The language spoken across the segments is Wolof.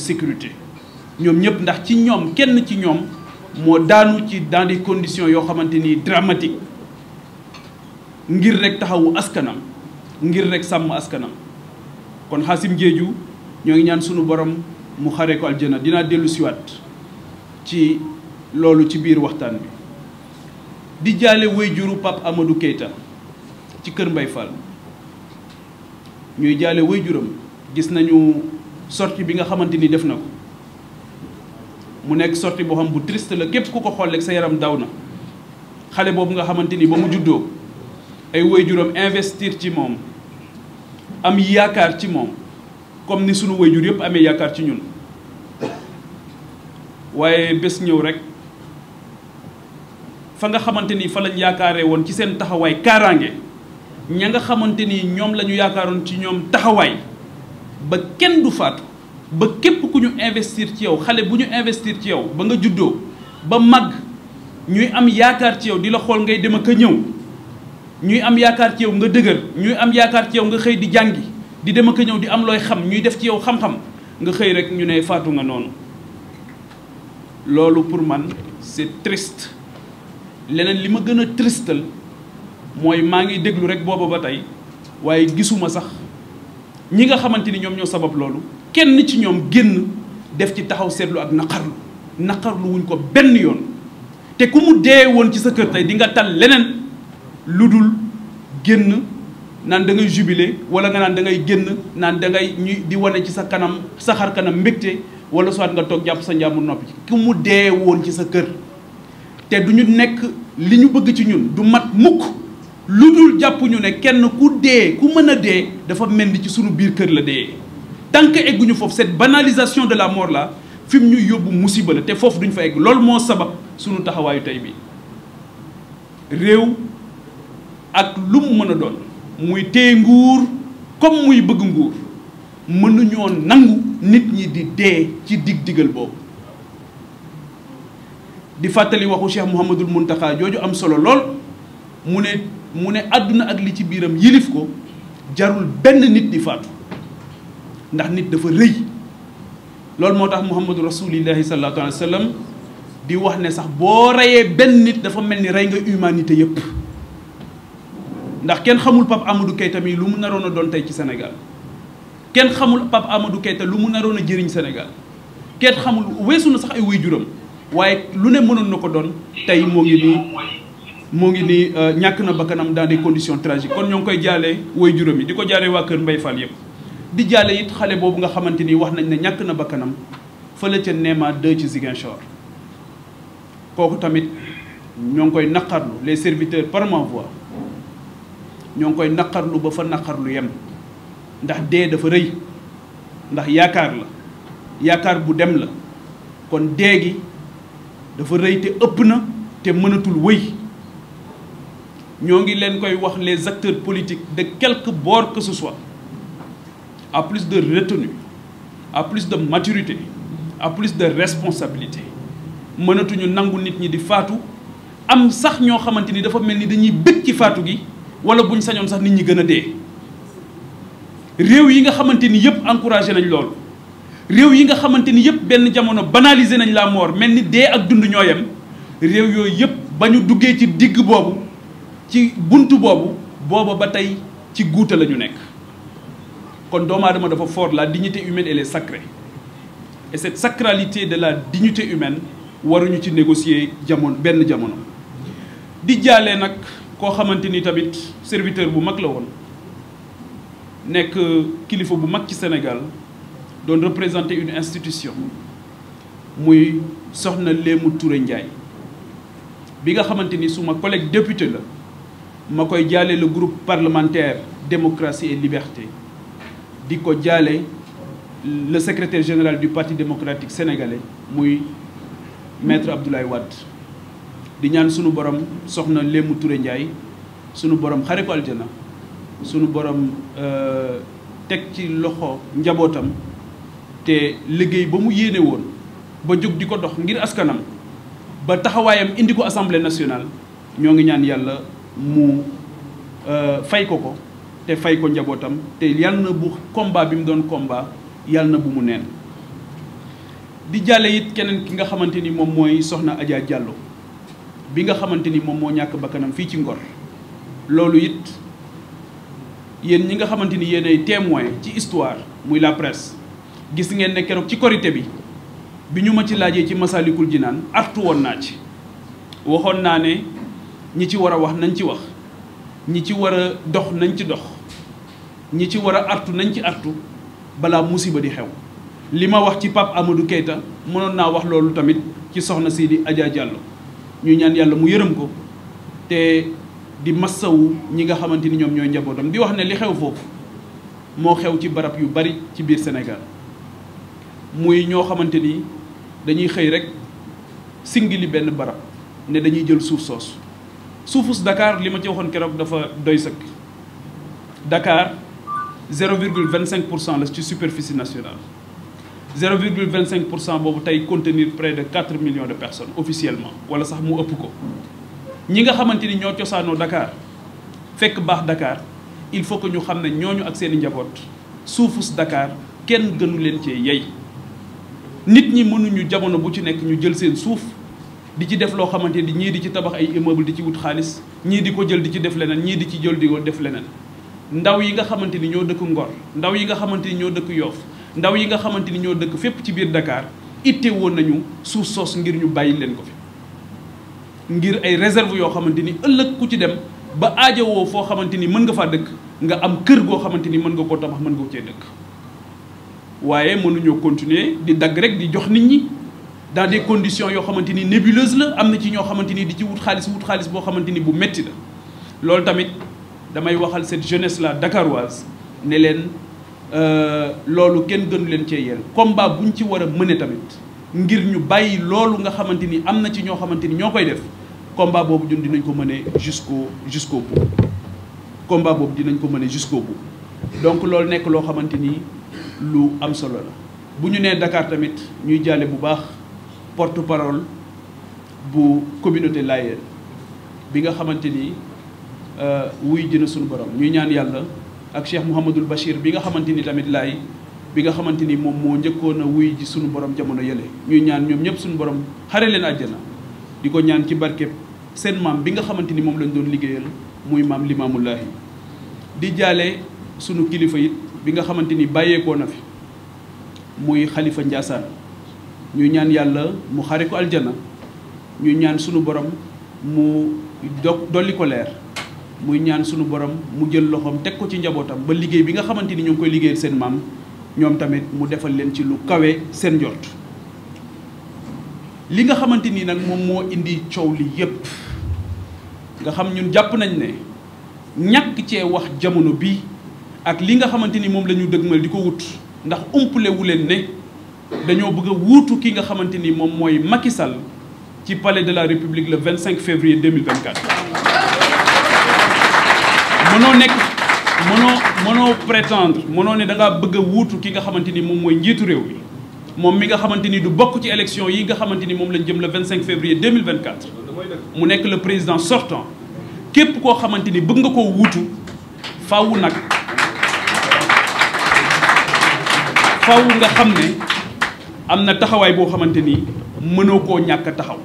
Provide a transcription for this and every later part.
sécurité ñoom ñëpp ndax ci ñoom kenn ci ñoom moo daanu ci daandi des conditions yoo xamante ni dramatique ngir rek taxawu askanam ngir rekk sàmm askanam kon Xaasim Jeeju ñoo ngi ñaan sunu borom mu xare ko aljana dinaa dellu siwaat ci loolu ci biir waxtaan bi di jaale way juru Pape Amadou Keita ci kër Mbay Fall ñuy jaale way gis nañu sortie bi nga xamante ni def na ko mu nekk sortie boo xam bu triste la képp ku ko xool sa yaram daw na xale boobu nga xamante ni ba mu juddoo ay waajuram investir ci moom am yaakaar ci moom comme ni woy jur yëpp amee yaakaar ci ñun waaye bés ñëw rek fa nga xamante ni fa lañ yaakaaree woon ci seen taxawaay kaaraange ña nga xamante ni ñoom la yaakaaroon ci ñoom taxawaay ba kenn du faatu ba képp ku ñu investir ci yow xale bu ñu investir ci yow ba nga juddoo ba màgg ñuy am yaakaar ci yow di la xool ngay dem ak ñëw ñuy am yaakaar ci yow nga dëgër ñuy am yaakaar ci yow nga xëy di jàngi di dem ak ñëw di am looy xam ñuy def ci yow xam-xam nga xëy rek ñu ne faatu nga noonu loolu pour man c'est triste leneen li ma gën a tristal mooy maa ngi déglu rek booba ba tey waaye gisuma sax ñi nga xamante ni ñoom ñoo sabab loolu kenn ci ñoom génn def ci taxaw seetlu ak naqarlu naqarlu wuñ ko benn yoon te ku mu dee woon ci sa kër tey di nga tal leneen lu dul génn naan da ngay wala nga da ngay génn naan da ngay di wane ci sa kanam sa xar kanam mbégte wala soit nga toog jàpp sa njàmbur noppi ku mu dee woon ci sa kër te du ñu nekk li ñu bëgg ci ñun du mat mukk lu dul jàpp ñu ne kenn ku dee ku mën a dee dafa mel ni ci sunu biir kër la dee tant que egguñu foofu set banalisation de la mort là fi mu ñu yóbbu musiba la te foofu duñ fa egg loolu moo sabab suñu taxawaayu tey bi réew ak lu mu mën a doon muy téye nguur comme muy bëgg nguur mënuñoo nangu nit ñi di dee ci dig-digal boobu di fàttali waxu Cheikh Mouhamadul Muntaxa jooju am solo lool mu ne mu ne àdduna ak li ci biiram yilif ko jarul benn nit di faatu ndax nit dafa rëy loolu moo tax muhammadu rasulillahi sallallahu alayhi wa sallam di wax ne sax boo reyee benn nit dafa mel ni rey nga humanité yëpp ndax kenn xamul Pape Amadou Keita mi lu mu naroon a doon tey ci Sénégal kenn xamul Pape Amadou Keita lu mu naroon a jëriñ Sénégal kenn xamul weesu na sax ay waajuram waaye lu ne mënoon na ko doon tey moo ngi nii moo ngi nii euh, ñàkk na bakkanam dans des conditions kon ñoo ngi koy jaalee waajuram yi di ko jaalee waa kër Mbaye Fall yëpp di jàlle it xale boobu nga xamante ni wax nañ ne ñàkk na bakkanam fële ca Néma 2 ci Ziguinchor kooku tamit ñoo ngi koy naqarlu les serviteurs par ma ñoo ngi koy naqarlu ba fa naqarlu yem ndax dee dafa rëy ndax yaakaar la yaakaar bu dem la kon dee gi dafa rëy te ëpp na te mënatul wëy ñoo ngi leen koy wax les acteurs politiques de quelque bord que ce soit à plus de retenue à plus de maturité à plus de responsabilité mënatuñu nangu nit ñi di faatu am sax ñoo xamante ni dafa mel ni dañuy bëgg ci faatu gi wala buñ sañoon sax nit ñi gën a dee réew yi nga xamante ni yëpp encouragé nañ loolu réew yi nga xamante ni yëpp benn jamono banaliser nañ la mort mel ni dee ak dund ñoo yem réew yooyu yëpp ba ñu duggee ci digg boobu ci bunt boobu booba ba tey ci guute la ñu nekk kon doomu aadama dafa foot la dignité humaine elle est sacrée et cette sacralité de la dignité humaine waruñu ci négocier jamono benn jamono. di jaalee nag koo xamante ni tamit serviteur bu mag la woon nekk kilifa bu mag ci Sénégal doon représenter une institution muy soxna Léemu Touré Ndiaye bi nga xamante ni suma collègue député la ma koy jaale le groupe parlementaire démocratie et liberté. di ko jaale le secretaire général du parti démocratique sénégalais muy maître Abdoulaye Wade di ñaan sunu borom soxna Lému ture Ndiaye sunu borom xare ko aljana sunu borom euh, teg ci loxo njabootam te liggéey ba mu yéene woon ba jóg di ko dox ngir askanam ba taxawaayam indi ko assemblée nationale ñoo ngi ñaan yàlla mu euh, fay ko ko te fay ko njabootam te yàlla na bu combat bi mu doon combat yàlla na bu mu neen di jàlle it keneen ki nga xamante ni moom mooy soxna ajaa Diallo bi nga xamante ni moom moo ñàkk bakkanam fii ci Ngor loolu it yéen ñi nga xamante ni yéen ay ci histoire muy la presse gis ngeen ne keroog ci korité bi bi ñu ma ci laajee ci Masalikul naan artu woon naa ci waxoon naa ne ñi ci war a wax nañ ci wax ñi ci war a dox nañ ci dox ñi ci war a artu nañ ci artu balaa musiba di xew li ma wax ci Pape Amadou Keita mënoon naa wax loolu tamit ci soxna sii di Adja Diallo ñu ñaan yàlla mu yërëm ko te di massawu ñi nga xamante ni ñoom ñooy njabootam di wax ne li xew foofu moo xew ci barab yu bari ci biir senegal muy ñoo xamante ni dañuy xëy rek singili benn barab ne dañuy jël suuf soosu suufus dakaar li ma ci waxoon keroog dafa doy sëkk Dakar zéro virgule vingt cinq pour cent la ci superficie nationale zéro virgule vingt cinq pour cent boobu tey contenir près de quatre millions de person officiellement wala sax mu ëpp ko ñi nga xamante ni ñoo cosaanoo Dakar fekk baax Dakar il faut que ñu xam ne ñooñu ak seen njaboot suufus Dakar kenn gënu leen ci yey nit ñi mënuñu jamono bu ci nekk ñu jël seen suuf di ci def loo xamante ni ñii di ci tabax ay immeuble di ci wut xaalis ñii di ko jël di ci def leneen ñii di ci jël di ko def leneen ndaw yi nga xamante ni ñoo dëkk Ngor ndaw yi nga xamante ni ñoo dëkk Yoff ndaw yi nga xamante ni ñoo dëkk fépp ci biir dakaar itte woon nañu suuf soos ngir ñu bàyyi leen ko fi ngir ay réserve yoo xamante ni ëllëg ku ci dem ba aajowoo foo xamante ni mën nga faa dëkk nga am kër goo xamante ni mën nga koo tabax mën nga cee dëkk waaye mënuñoo continuer di dagg rek di jox nit ñi dans des conditions yoo xamante ni nébuleuses la am na ci ñoo xamante ni di ci wut xaalis wut xaalis boo xamante ni bu metti la loolu tamit damay waxal cette jeunesse là dakaroise ne leen euh, loolu kenn gënu leen cee yeel combat bu ñu ci war a mëne tamit ngir ñu bàyyi loolu nga xamante ni am na ci ñoo xamante ni ñoo koy def combat boobu ñun dinañ ko mëne jusqu'au jusqu'au bout combat boobu dinañ ko mëne jusqu'au bout donc loolu nekk loo xamante ni lu am solo la bu ñu nee Dakar tamit ñuy jaale bu baax porte-parole bu communauté Layène bi nga xamante ni Euh, wuy na suñu borom ñuy ñaan yàlla ak Cheikh Mouhamadul Bachir bi nga xamante ni tamit laay bi nga xamante ni moom moo njëkkoon a wuy ji suñu borom jamono yële ñuy ñaan ñoom ñëpp suñu borom xare leen àjjana di ko ñaan ci barkeb seen maam bi nga xamante ni moom lañ doon liggéeyal muy maam Limaamullaahi di jaale sunu kilifa it bi nga xamante ni bàyyeekoo na fi muy xalifa Ndiassane ñuy ñaan yàlla mu xare ko aljana ñu ñaan sunu borom mu do dolli ko leer muy ñaan sunu borom mu jël loxoom teg ko ci njabootam ba liggéey bi nga xamante ni ñoo ngi koy liggéeyal seen maam ñoom tamit mu defal leen ci lu kawe seen njort li nga xamante ni nag moom moo indi coow li yépp nga xam ñun jàpp nañ ne ñàkk cee wax jamono bi ak li nga xamante ni moom la ñu dëgmal di ko wut ndax umpale wu leen ne dañoo bëgg a wuutu ki nga xamante ni moom mooy Macky Sall ci palais de la République le 25 février 2024. mënoo nekk mënoo mënoo prétendre mënoo ne da ngaa bëgg a wuutu ki nga xamante ni moom mooy njiitu réew mi moom mi nga xamante ni du bokk ci élection yi nga xamante ni moom lañ jëm le 25 février 2024. mu nekk le président sortant képp koo xamante ni bëgg nga koo wuutu faaw nag faaw nga xam ne am na taxawaay boo xamante ni mënoo koo ñàkk taxaw.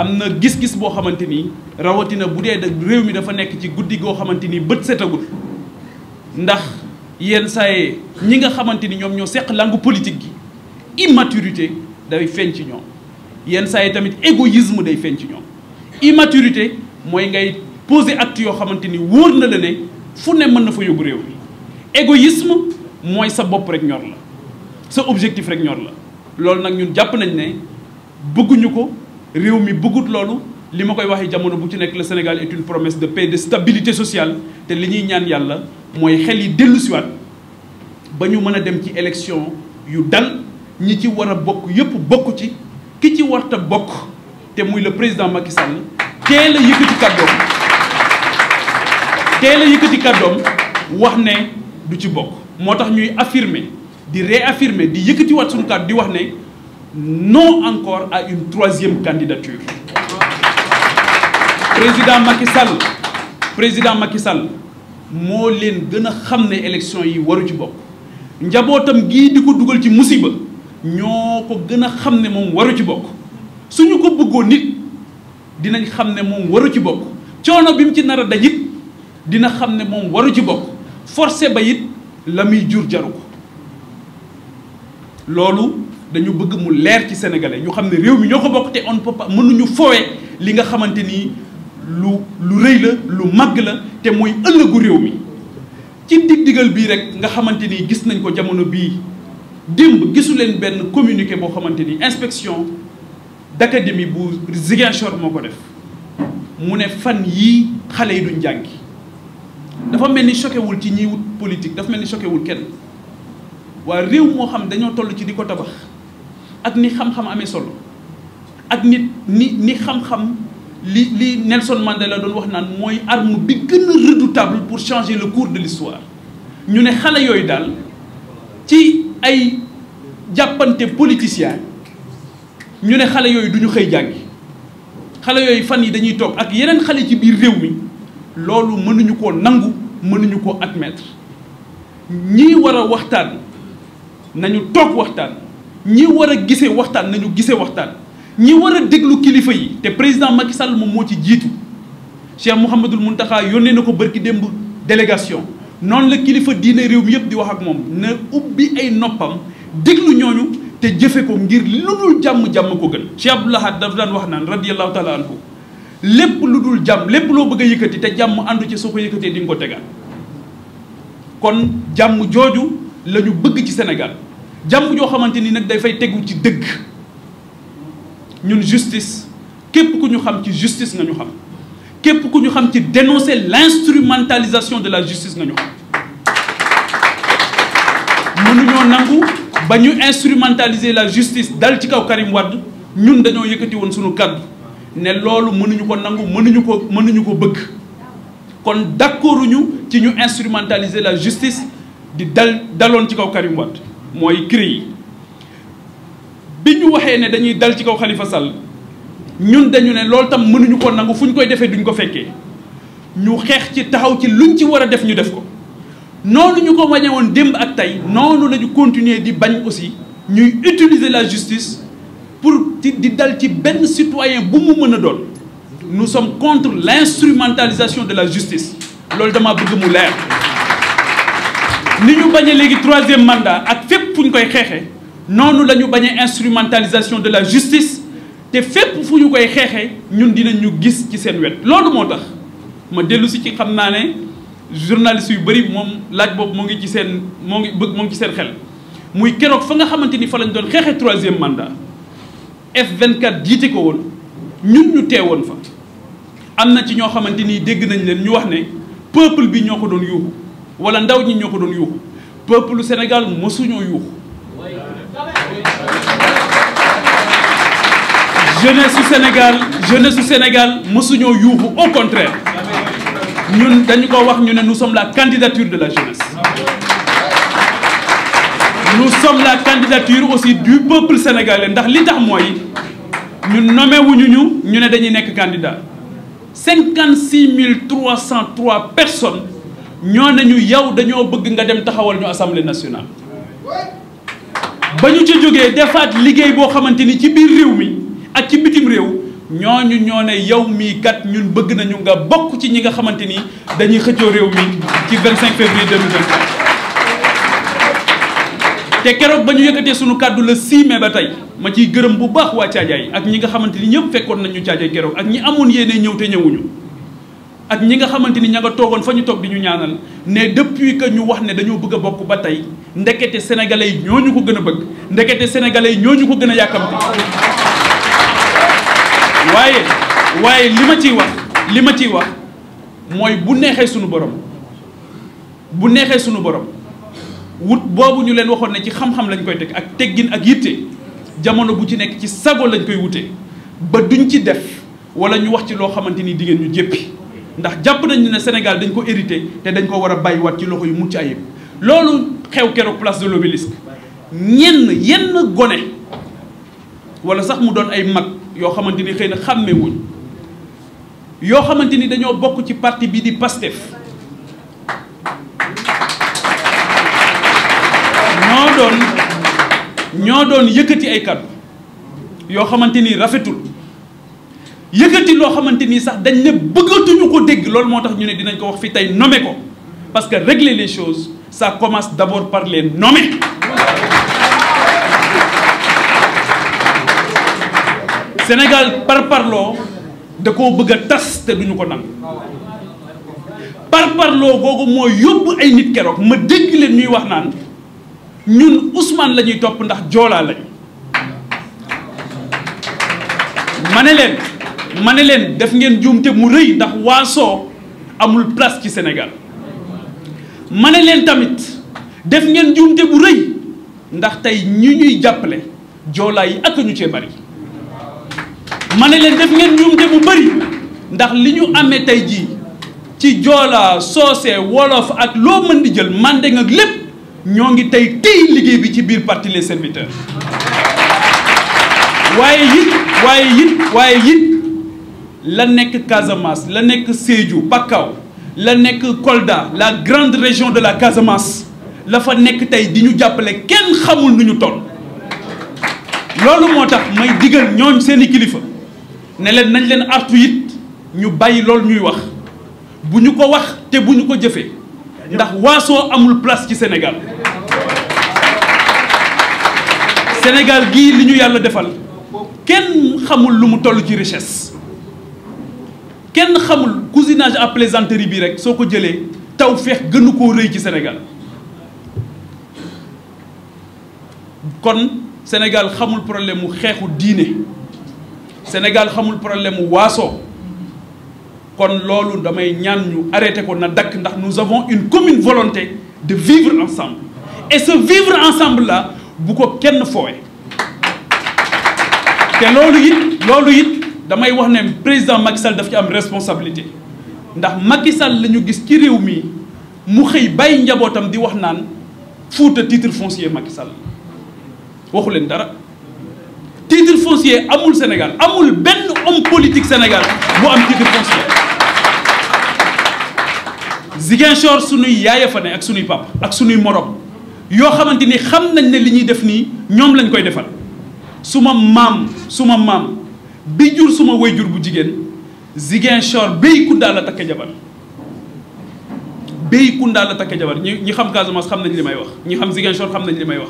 am na gis-gis boo xamante ni rawatina bu dee réew mi dafa nekk ci guddi goo xamante ni bët setagul ndax yenn saay ñi nga xamante ni ñoom ñoo seq langue politique gi immaturité day feeñ ci ñoom yenn saa yi tamit égoïsme day feeñ ci ñoom immaturité mooy ngay poser acte yoo xamante ni wóor na la ne fu ne mën na fa yóbbu réew mi égoïsme mooy sa bopp rek ñor la sa objectif rek ñor la loolu nag ñun jàpp nañ ne bëgguñu ko réew mi bëggut loolu li ma koy waxee jamono bu ci nekk la Sénégal est une promesse de paix de stabilité sociale te li ñuy ñaan yàlla mooy xel yi dellu siwaat ba ñu mën a dem ci élection yu dal ñi ci war a bokk yëpp bokk ci ki ci warta bokk te muy la président Macky Sall teel a yëkkati kàddoom teel yëkkati kàddoom wax ne du ci bokk moo tax ñuy affirmé di réaffirmer di yëkkati waat suñu kàddu di wax ne non encore à une troisième candidature président Macky Sall président Macky Sall moo leen gën a xam ne élection yi waru ci bokk njabootam gii di ko dugal ci musiba ñoo ko gën a xam ne moom waru ci bokk suñu ko bëggoon nit dinañ xam ne moom waru ci bokk coono bi mu ci nar a daj dina xam ne moom waru ci bokk forcé ba it la muy jur jaru ko loolu dañu bëgg mu leer ci sénégalais ñu xam ne réew mi ñoo ko bokk te on peut pas mënuñu foowee li nga xamante ni lu lu rëy la lu màgg la te mooy ëllëgu réew mi ci dig-digal bii rek nga xamante ni gis nañ ko jamono bii démb gisu leen benn communiqué boo xamante ni inspection d'académie bu Ziguinchor moo ko def mu ne fan yii xale yi duñ jàngi dafa mel ni choqué wul ci ñiy politique dafa mel ni choqué wul kenn waa réew moo xam dañoo toll ci di ko tabax ak ni xam-xam amee solo ak nit ni ni xam-xam li li Nelson Mandela doon wax naan mooy arme bi gën a redoutable pour changer le cours de l'histoire ñu ne xale yooyu daal ci ay jàppante politicien ñu ne xale yooyu duñu xëy jàngi xale yooyu fan yi dañuy toog ak yeneen xale ci biir réew mi loolu mënuñu ko nangu mënuñu koo admettre ñii war a waxtaan nañu toog waxtaan ñi war a gise waxtaan nañu gisee waxtaan ñi war a déglu kilifa yi te président Macky Sall moom moo ci jiitu Cheikh Mouhamadul Mountakha yónnee na ko bërki démb délégation noonu la kilifa diine réew mi yëpp di wax ak moom na ubbi ay noppam déglu ñooñu te jëfe ko ngir lu dul jàmm jàmm ko gën Cheikh Abdou Lahad dafa daan wax naan radiyallahu taala anhu lépp lu dul jàmm lépp loo bëgg a yëkkati te jàmm àndu ci soo ko yëkkatee di nga ko tegaat kon jàmm jooju la ñu bëgg ci Sénégal jàmm joo xamante ni nag day dafay tegu ci dëgg ñun justice képp ku ñu xam ci justice nañu xam képp ku ñu xam ci dénoncer l'instrumentalisation de la justice nga ñu xam mënuñoo nangu ba ñu instrumentaliser la justice dal ci kaw Karim Wade ñun dañoo yëkkati woon suñu kàddu ne loolu mënuñu ko nangu mënuñu ko mënuñu ko bëgg kon d'accorduñu ci ñu instrumentaliser la justice di dal daloon ci kaw Karim Wade mooy CREI yi bi ñu waxee ne dañuy dal ci kaw xalifa Sall ñun dañu ne loolu tam mënuñu ko nangu fu ñu koy defee duñu ko fekkee ñu xeex ci taxaw ci luñ ci war a def ñu def ko noonu ñu ko wañe woon démb ak tey noonu la ñu continuer di bañ aussi ñuy utiliser la justice pour di dal ci benn citoyen bu mu mën a doon nous sommes contre l'instrumentalisation de la justice loolu dama bëgg mu leer ni ñu bañee léegi troisième mandat ak fépp fu ñu koy xeexee noonu la ñu bañee instrumentalisation de la justice te fépp fu ñu koy xeexee ñun dinañ ñu gis ci seen wet loolu moo tax ma dellu si ci xam naa ne journaliste yu bëri moom laaj boobu moo ngi ci seen moo ngi bëgg moom ci seen xel muy keroog fa nga xamante ni fa lañ doon xeexee troisième mandat F24 jiite ko woon ñun ñu teewoon fa am na ci ñoo xamante ni dégg nañ leen ñu wax ne peuple bi ñoo ko doon yuuxu wala ndaw ñi ñoo ko doon yuuxu peuple Sénégal mësuñoo yuux su Sénégal jeunesse su Sénégal mësuñoo yuuxu au contraire ñun dañu ko wax ñu ne nous sommes la candidature de la jeunesse nous sommes la candidature aussi du peuple sénégalais ndax li tax mooy ñun nommé ñu ñu ne dañuy nekk candidat cinquante six mille trois cent trois personnes ñoo na nañu yow dañoo bëgg nga dem taxawal ñu assemblée nationale ba ñu ca jógee defaat liggéey boo xamante ni ci biir réew mi ak ci bitim réew ñooñu ñoo ne yow mii kat ñun bëgg nañu nga bokk ci ñi nga xamante ni dañuy xëccoo réew mi ci 25 février 2024 te keroog ba ñu yëkkatee sunu kàddu la 6 mai ba tey ma ciy gërëm bu baax waa Caajaay ak ñi nga xamante ni ñëpp fekkoon nañu Caajaay keroog ak ñi amoon yéene ñëw te ñëwuñu ak ñi nga xamante ni ña nga toogoon fa ñu toog di ñu ñaanal ne depuis que ñu wax ne dañoo bëgg a bokk ba tey ndekete sénégalais yi ñoo ñu ko gën a bëgg ndekete sénégalais yi ñoo ñu ko gën a yàkkamti waaye waaye li ma ciy wax li ma ciy wax mooy bu neexee suñu borom bu neexee suñu borom wut boobu ñu leen waxoon ne ci xam-xam lañ koy teg ak teggin ak yitte jamono bu ci nekk ci sago lañ koy wutee ba duñ ci def wala ñu wax ci loo xamante ni di ñu jéppi ndax jàpp nañu ne Sénégal dañ ko hérité te dañ ko war a bàyyiwaat ci loxo yu mucc ayib loolu xew keroog place de l'obélisque ñenn yenn gone wala sax mu doon ay mag yoo xamante ni xëy na xàmmewuñ yoo xamante ni dañoo bokk ci parti bi di PASTEF ñoo doon ñoo doon yëkkati ay kàddu yoo xamante ni rafetul yëkkati loo xamante nii sax dañ ne bëggatuñu ko dégg loolu moo tax ñu ne dinañ ko wax fi tey nommer ko parce que régler les choses ça commence d'abord par leen nommer Sénégal par parloo da koo bëgg a tas te duñu ko nangu par parloo googu moo yóbbu ay nit keroog ma dégg leen ñuy wax naan ñun Ousmane la ñuy topp ndax joolaa lañ ma ne leen ma ne leen def ngeen juumte mu rëy ndax waaso amul place ci senegal ma ne leen tamit def ngeen juumte bu rëy ndax tey ñu ñuy jàppale joolaa yi ak ñu cee bari ma ne leen def ngeen juumte bu bari ndax li ñu amee tey jii ci joola soose wolof ak loo mën di jël mandeng ak lépp ñoo ngi tey téy liggéey bi ci biir parti les serviteurs waaye it waaye it waaye it la nekk Casamance la nekk Sédhiou Pakao la nekk Kolda la grande région de la Casamance la fa nekk tey di ñu jàppale kenn xamul nu ñu toll. loolu moo tax may digal ñooñ seeni kilifa ne leen nañ leen artu it ñu bàyyi loolu ñuy wax bu ñu ko wax te bu ñu ko jëfee ndax waasoo amul place ci Sénégal. Sénégal gii li ñu yàlla defal kenn xamul lu mu toll ci richesse. kenn xamul cousinage à plaisanterie bi rek soo ko jëlee taw feex gënu koo rëy ci Sénégal kon Sénégal xamul problème mu xeexu diine Sénégal xamul problème mu waaso kon loolu damay ñaan ñu arrêté ko na dakk ndax nous avons une commune volonté de vivre ensemble et ce vivre ensemble là bu ko kenn foowe te loolu it loolu it damay wax ne président Macky Sall daf ci am responsabilité ndax Macky Sall la gis ci réew mi mu xëy bàyyi njabootam di wax naan Fouta titre foncier Macky Sall waxu leen dara titre foncier amul Sénégal amul benn homme politique Sénégal bu am titre foncier Ziguinchor suñuy yaaya fa ne ak suñuy pap ak suñuy moroom yoo xamante ni xam nañ ne li ñuy def nii ñoom lañ koy defal suma maam suma maam bi jur suma jur bu jigéen Ziguinchor Béykounda la takk jabar Béykounda la takk jabar ñi ñi xam Casamance xam nañ li may wax ñi xam Ziguinchor xam nañ li may wax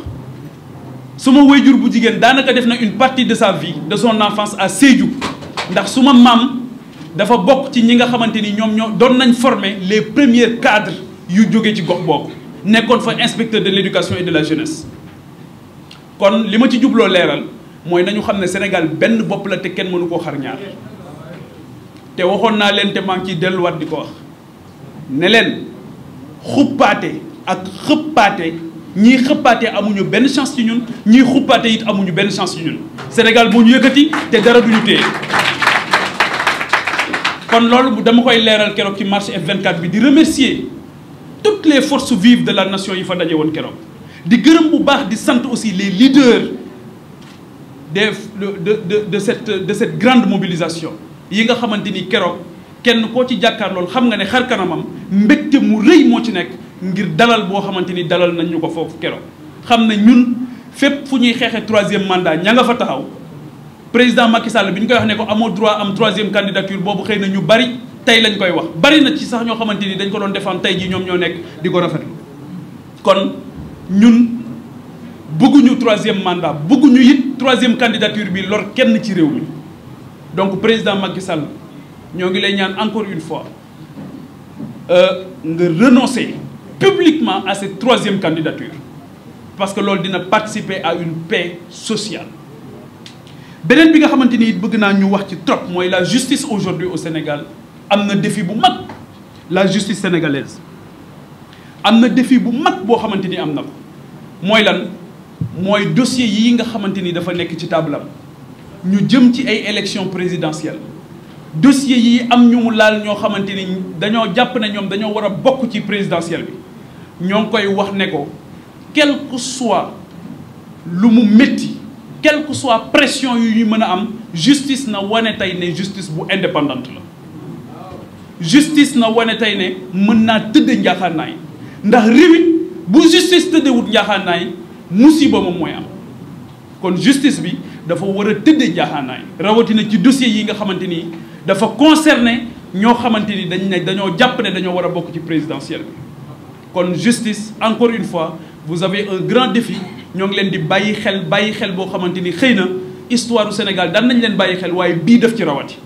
suma jur bu jigéen daanaka def na une partie de sa vie de son enfance à Sédhiou ndax suma maam dafa bokk ci ñi nga xamante ni ñoom ñoo doon nañ former les premiers cadre yu jóge ci gox boobu nekkoon fa inspecteur de l'éducation et de la jeunesse kon li ma ci jubloo leeral mooy nañu xam ne Sénégal benn bopp la te kenn mënu koo xarñaar te waxoon naa leen te maa ngi ciy delluwaat di ko wax ne leen xuppaate ak xëppaate ñii xëppaate amuñu benn chance ci ñun ñii xuppaate it amuñu benn chance ci ñun Sénégal boo ñu yëkkati te dara duñu téye kon loolu dama koy leeral keroog ci marché F24 bi di remercier toutes les forces vives de la nation yi fa daje woon keroog di gërëm bu baax di sant aussi les leaders des de de de cette de cette grande mobilisation yi nga xamante ni keroog kenn koo ci jàkkaar loolu xam nga ne xar kanamam mbégte mu rëy moo ci nekk ngir dalal boo xamante ni dalal nañ ñu ko foofu keroog. xam ne ñun fépp fu ñuy xeexee troisième mandat ña nga fa taxaw président Macky Sall bi ñu koy wax ne ko amoo droit am troisième candidature boobu xëy na ñu bari tey lañ koy wax bari na ci sax ñoo xamante ni dañ ko doon defaan tey jii ñoom ñoo nekk di ko rafetlu kon ñun. bëgguñu troisième mandat bëgguñu it troisième candidature bii lool kenn ci réew mi donc président Macky Sall ñoo ngi lay ñaan encore une fois euh, nga renoncer publiquement à cette troisième candidature parce que loolu dina participer à une paix sociale beneen bi nga xamante ni it bëgg naa ñu wax ci trop mooy la justice aujourd'hui au Sénégal am na défi bu mag la justice sénégalaise am na défi bu mag boo xamante ni am na ko mooy lan mooy dossier yi nga xamante ni dafa nekk ci taabalam ñu jëm ci ay élections présidentielles dossier yi am ñu mu laal ñoo xamante ni dañoo jàpp na ñoom dañoo war a bokk ci présidentielle bi ñoo ngi koy wax ne ko quel soit lu mu métti quel que soit pression yu ñu mën a am justice na wane tey ne justice bu indépendante la justice na wane tey ne mën naa tëdd njaaxaanaay ndax réew it bu justice tëddewut njaaxaanaay musiba moom mooy am kon justice bi dafa war a tëddee jaaxaanaay rawatina ci dossiers yi nga xamante ni dafa concerné ñoo xamante ni dañ ne dañoo jàpp ne dañoo war a bokk ci présidentielle bi kon justice encore une fois vous avez un grand défi ñoo ngi leen di bàyyi xel bàyyi xel boo xamante ni xëy na histoire du Sénégal daan nañ leen bàyyi xel waaye bii def ci rawati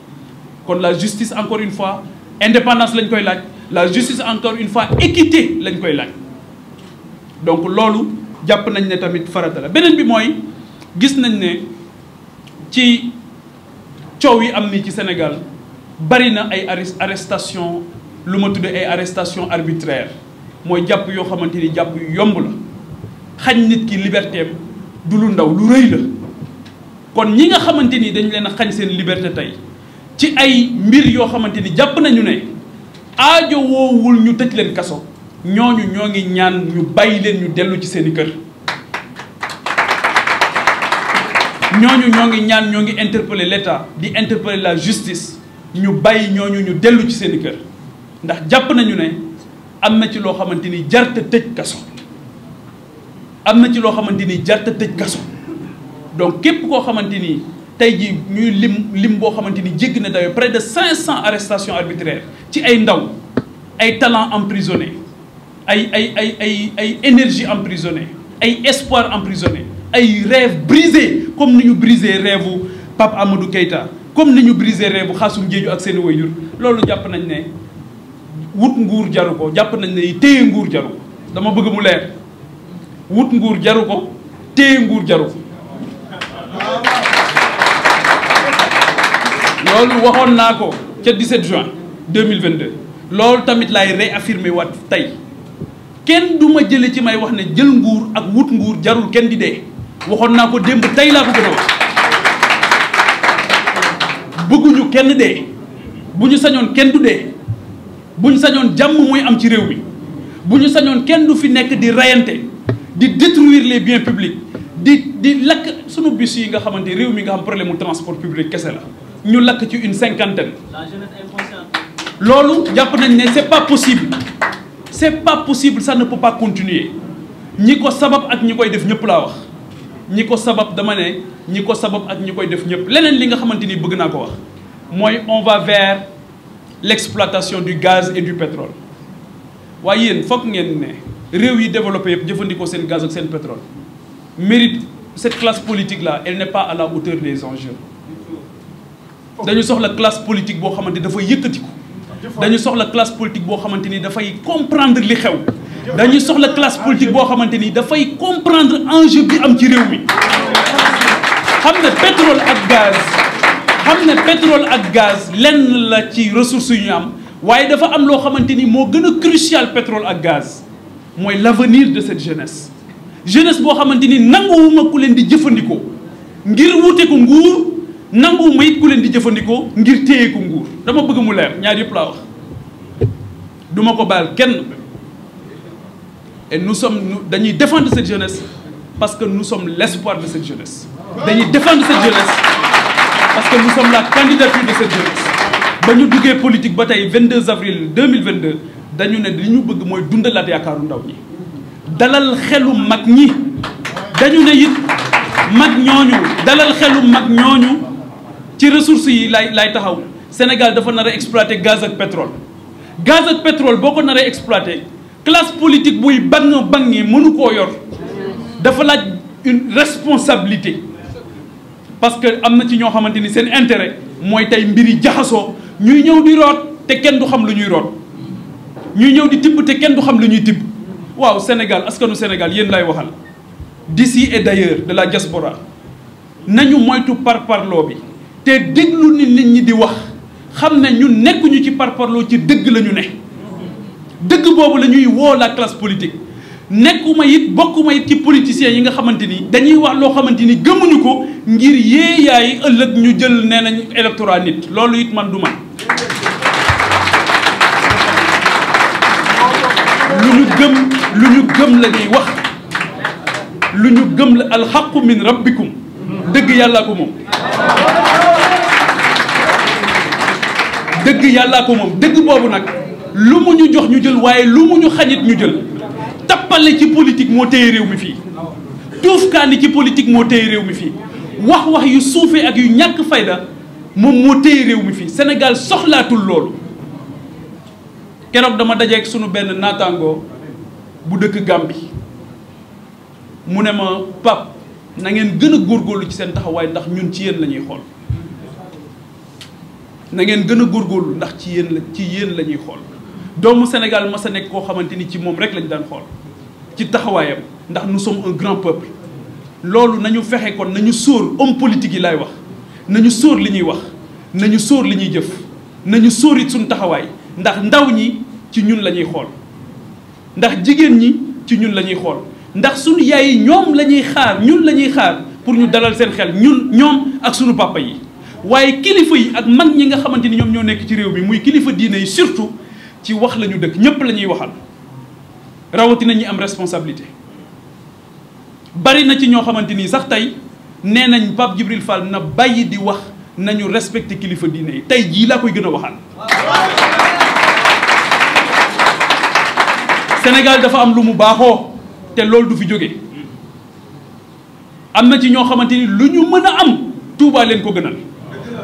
kon la justice encore une fois indépendance lañ koy laaj la justice encore une fois équité lañ koy laaj jàpp nañ ne tamit farata la beneen bi mooy gis nañ ne ci coow yi am ni ci senegal bari na ay arrestation lu ma tuddee ay arrestation arbitraire mooy jàpp yoo xamante ni jàpp yu yomb la xañ nit ki liberté du lu ndaw lu rëy la kon ñi nga xamante ni dañ leen a xañ seen liberte tey ci ay mbir yoo xamante ni jàpp nañu ne aajo woowul ñu tëj leen kaso ñooñu ñoo ngi ñaan ñu bàyyi leen ñu dellu ci seen i kër ñooñu ñoo ngi ñaan ñoo ngi interpeller l'État di interpeller la justice ñu bàyyi ñooñu ñu dellu ci seen i kër ndax jàpp nañu ne am na ci loo xamante ni jarta tëj kaso am na ci loo xamante ni jarta tëj kaso donc képp koo xamante ni tey jii ñuy lim lim boo xamante ni jégg na dawee près de cinq cent arrestation arbitraires ci ay ndaw ay talent emprisonné ay ay ay ay ay énergie emprisonnée ay espoir emprisonné ay rêve brisé comme ni ñu brisé rêve u Pape Amadou Keita comme ni ñu brisé rêve u Xaasum Jeeju ak seen wayjur loolu jàpp nañ ne wut nguur jaru ko jàpp nañ ne téye nguur jaru ko dama bëgg mu leer wut nguur jaru ko téye nguur jaru ko loolu waxoon naa ko ca 17 juin 2022 loolu lay laay réaffirmer waat tey kenn du ma jële ci may wax ne jël nguur ak wut nguur jarul kenn di dee waxoon naa ko démb tey laa ko gën a wax bëgguñu kenn dee bu ñu sañoon kenn du dee bu ñu sañoon jàmm muy am ci réew mi bu ñu sañoon kenn du fi nekk di reyante di détruire les biens publics di di lakk sunu bus yi nga xamante réew mi nga xam problème mu transport publique kese la ñu lakk ci une cinquantaine loolu jàpp nañ ne c'est pas possible c'est pas possible ça ne peut pas continuer ñi ko sabab ak ñi koy def ñëpp laa wax ñi ko sabab dama ne ñi ko sabab ak ñi koy def ñëpp leneen li nga xamante ni bëgg naa ko wax mooy on va vers l'exploitation du gaz et du pétrole waaye yéen foog ngeen ne réew yi développé yëpp jëfandikoo seen gaz ak seen pétrole mérite cette classe politique là elle n'est pas à la hauteur des enjeux dañu soxla classe politique boo xamante dafa yëkkatiku dañu soxla classe politique boo xamante ni dafay comprendre li xew dañuy soxla classe politique boo xamante ni dafay comprendre enjeu bi am ci réew mi xam ne pétrole ak gaz xam ne pétrole ak gaz lenn la ci ressources yu ñu am waaye dafa am loo xamante ni moo gën a crucial pétrole ak gaz mooy l'avenir de cette jeunesse jeunesse boo xamante ni nanguwuma ku leen di jëfandikoo ngir wute ko nguur nanguwu ma it ku leen di jëfandikoo ngir téye ko nguur dama bëgg mu leer ñaar yëpp laa wax duma ko baal kenn et nu sommes nous dañuy défendre cette jeunesse parce que nous sommes l'espoir de cette jeunesse dañuy défendre cette jeunesse parce que nous sommes la candidature de cette jeunesse ba ñu duggee politique ba tey 22 avril 2022 dañu ne li ñu bëgg mooy dundalaat yaakaaru ndaw ñi dalal xelu mag ñi dañu ne it mag ñooñu dalal xelu mag ñooñu ci ressources yi lay lay taxaw Sénégal dafa nar a gaz ak pétrole gaz ak pétrole boo ko nar exploité exploiter classe politique buy bang bangi mënu koo yor dafa laaj une responsabilité parce que am na ci ñoo xamante ni seen intérêt mooy tey mbiri jaxasoo ñuy ñëw di root te kenn du xam lu ñuy root ñuy ñëw di tibb te kenn du xam lu ñuy tibb waaw Sénégal askanu Sénégal yéen lay waxal d'ici et d'ailleurs de la diaspora nañu moytu par parloo bi te déglu ni nit ñi di wax xam na ñu nekkuñu ci parparloo ci dëgg lañu ne dëgg boobu la ñuy woo la politique nekkuma it bokkuma it ci politiciens yi nga xamante ni dañuy wax loo xamante ni gëmuñu ko ngir yéeyaay ëllëg ñu jël nee nañ électorat nit loolu it man du man lu ñu gëm lu ñuy wax lu ñu gëm la alxaqu min rabbikum dëgg yàllaa ko moom dëgg yàllaa ko moom dëgg boobu nag lu mu ñu jox ñu jël waaye lu mu ñu xañit ñu jël tappale ci politique moo téye réew mi fii tuufkaani ci politique moo téye réew mi fii wax wax yu suufee ak yu ñàkk fayda moom moo téye réew mi fii Sénégal soxlaatul loolu keroog dama dajeek sunu benn nataangoo bu dëkk gàmm bi mu ne ma pap na ngeen gën a góorgóorlu ci seen taxawaay ndax ñun ci yéen la ñuy xool na ngeen gën a góorgóorlu ndax ci yéen la ci yéen la ñuy xool doomu Sénégal mas sa nekk koo xamante ni ci moom rek lañu daan xool ci taxawaayam ndax nous sommes un grand peuple loolu nañu fexe kon nañu soor homme politique yi laay wax nañu soor li ñuy wax nañu sóor li ñuy jëf nañu sóor it suñu taxawaay ndax ndaw ñi ci ñun la ñuy xool ndax jigéen ñi ci ñun la ñuy xool ndax suñu yaay yi ñoom la xaar ñun la ñuy xaar pour ñu dalal seen xel ñun ñoom ak suñu papa yi waaye kilifa yi ak mag ñi nga xamante ni ñoom ñoo nekk ci réew mi muy kilifa diine yi surtout ci wax lañu dëkk ñëpp lañuy ñuy waxal rawatina ñi am responsabilité. bari na ci ñoo xamante ni sax tey nee nañ Pape Djibril Fall na bàyyi di wax nañu respecté kilifa diine yi tey jii laa koy gën a waxal. Sénégal dafa am lu mu baaxoo te loolu du fi jóge am na ci ñoo xamante ni lu ñu mën a am Touba leen ko gënal.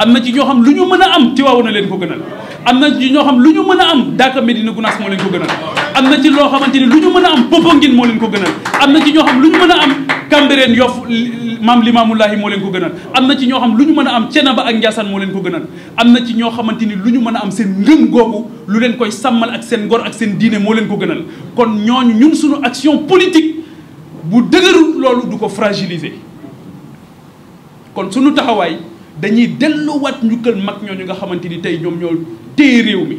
am na ci ñoo xam lu ñu mën a am Tiwaawan a leen ko gënal am na ci ñoo xam lu ñu mën a am Daaka Medina Gunaas leen ko gënal am na ci loo xamante ni lu ñu mën a am Popenguine moo leen ko gënal am na ci ñoo xam lu ñu mën a am Cambérène Yoff maam Limaamullaahi moo leen ko gënal am na ci ñoo xam lu ñu mën a am Cenaba ak Njaasaan moo leen ko gënal am na ci ñoo xamante ni lu ñu mën a am seen ngëm googu lu leen koy sàmmal ak seen ngor ak seen diine moo leen ko gënal kon ñooñu ñun suñu action politique bu dëgëru loolu du ko fragiliser kon suñu taxawaay dañuy delloowaat njukkal mag ñooñu nga xamante ni tey ñoom ñoo téye réew mi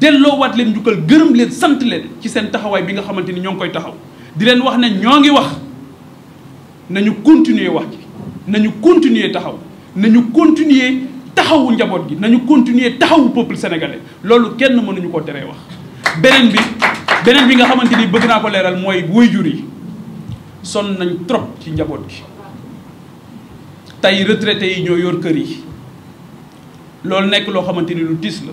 delloowaat leen njukkal gërëm leen sant leen ci seen taxawaay bi nga xamante ni ñoo ngi koy taxaw di leen wax ne ñoo ngi wax nañu continuer wax ji nañu continuer taxaw nañu continuer taxawu njaboot gi nañu continuer taxawu peuple sénégalais loolu kenn mënuñu ko teree wax. beneen bi beneen bi nga xamante ni bëgg naa ko leeral mooy jur yi sonn nañ trop ci njaboot gi. tey retraité yi ñoo yor kër yi loolu nekk loo xamante ni lu tiis la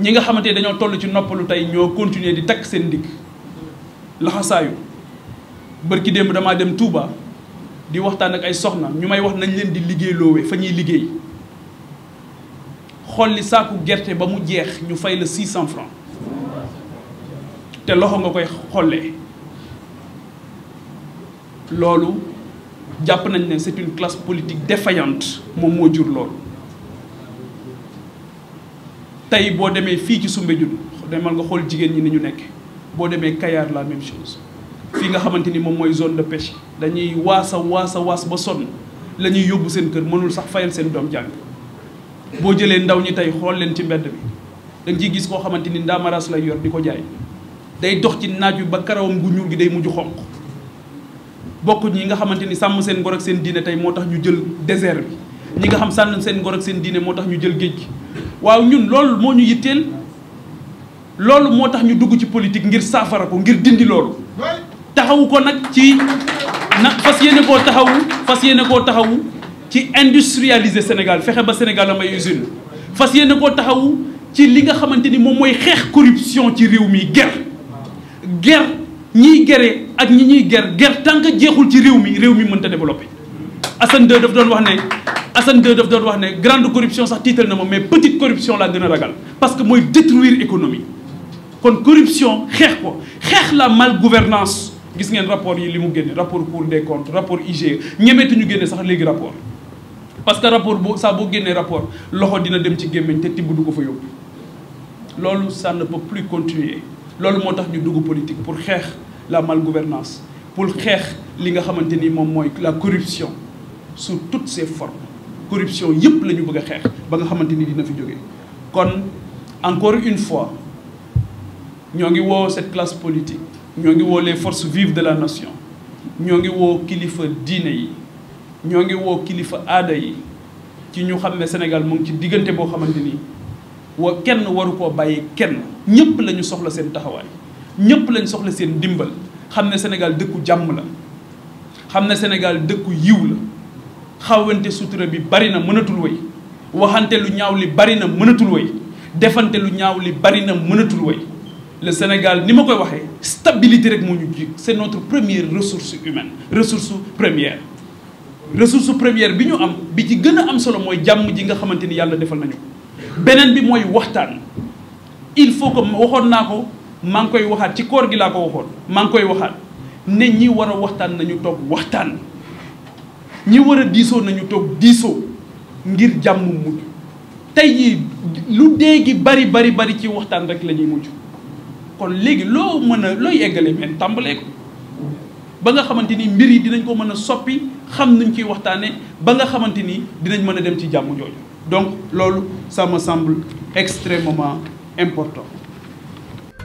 ñi nga xamante ni dañoo toll ci noppalu tey ñoo continuer di takk seen ndigg laxasaayu bërki démb damaa dem tuuba di waxtaan ak ay soxna ñu may wax nañ leen di liggéey loowee fa ñuy liggéey xolli saaku gerte ba mu jeex ñu fay la 600 francs te loxo nga koy xollee loolu jàpp nañ ne c'est une classe politique defayante moom moo jur loolu tey boo demee fii ci Soumbédioune demal nga xool jigéen ñi ni ñu nekk boo demee Kayar la même chose fii nga xamante ni moom mooy zone de pêche dañuy waasa waasa waas ba sonn lañuy yóbbu seen kër mënul sax fayal seen doom jàng boo jëlee ndaw ñi tey xool leen ci mbedd bi dañ ci gis koo xamante ni ndaamaraas lay yor di ko jaay day dox ci naaj bi ba karawam gu ñuul gi day mujj xonq bokk ñi nga xamante ni sàmm seen ngor ak seen diine tey moo tax ñu jël désert bi ñi nga xam sànn seen gor ak seen diine moo tax ñu jël géej gi waaw ñun lool moo ñu yitteel loolu moo tax ñu dugg ci politique ngir saafara ko ngir dindi loolu taxawu ko nag ci na fas yéene koo taxawu fas yéene koo taxawu ci industrialiser Sénégal fexe ba Sénégal am ay usine fas yéene koo taxawu ci li nga xamante ni moom mooy xeex corruption ci réew mi guerre guerre ñiy gere ak ñi ñuy ger ger tant que jeexul ci réew mi réew mi mënta développé Assane 2 daf doon wax ne Assane 2 daf doon wax ne grande corruption sax tiital na ma mais petite corruption laa gën a ragal parce que mooy détruire économie kon corruption xeex ko xeex la mal gouvernance gis ngeen rapport yi li mu génne rapport cour des comptes rapport IGE ñemeetu ñu génne sax léegi rapport parce que rapport boo saa boo génnee rapport loxo dina dem ci gémmiñ te tibb du ko fa yóbbu loolu ça ne peut loolu moo tax ñu dugg politique pour xeex la mal gouvernance pour xeex li nga xamante ni moom mooy la corruption sur toutes ses formes corruption yëpp la ñu bëgg a xeex ba nga xamante ni dina fi jógee kon encore une fois ñoo ngi woo cette classe politique ñoo ngi woo les forces vives de la nation ñoo ngi woo kilifa diine yi ñoo ngi woo kilifa aada yi ci ñu xam ne Sénégal mu ngi ci diggante boo xamante ni wa kenn waru koo bàyyi kenn ñëpp la ñu soxla seen taxawaay ñëpp lañ soxla seen dimbal xam ne Sénégal dëkku jàmm la xam ne Sénégal dëkku yiw la xawante sutura bi bari na mënatul woy waxante lu ñaaw li bari na mënatul woy defante lu ñaaw li bari na mënatul woy le Sénégal ni ma koy waxee stabilité rek moo ñu ji c'est notre première ressource humaine ressource première ressource première bi ñu am bi ci gën a am solo mooy jàmm ji nga xamante ni yàlla defal nañu ko beneen bi mooy waxtaan il faut que waxoon naa ko maa koy waxaat ci koor gi laa ko waxoon maa ngi koy waxaat ne ñi war waxtaan nañu toog waxtaan ñi war a diisoo nañu toog diisoo ngir jàmm mujj tey jii lu dee bari bari bari ci waxtaan rek la ñuy mujj kon léegi loo mën a looy eggale men tàmbalee ko ba nga xamante ni mbir yi dinañ ko mën a soppi xam nuñ ciy waxtaane ba nga xamante ni dinañ mën a dem ci jàmm jooju donc loolu sama me semble extrêmement important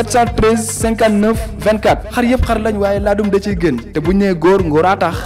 713 59 24 xar yëpp xar lañ waaye laadum da ciy gën te bu ñee nee góor ngóoraa tax